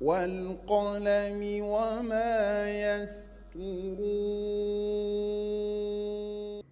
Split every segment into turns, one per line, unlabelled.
والقلم وما يسطرون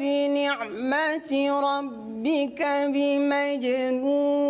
بنعمة ربك بمجنون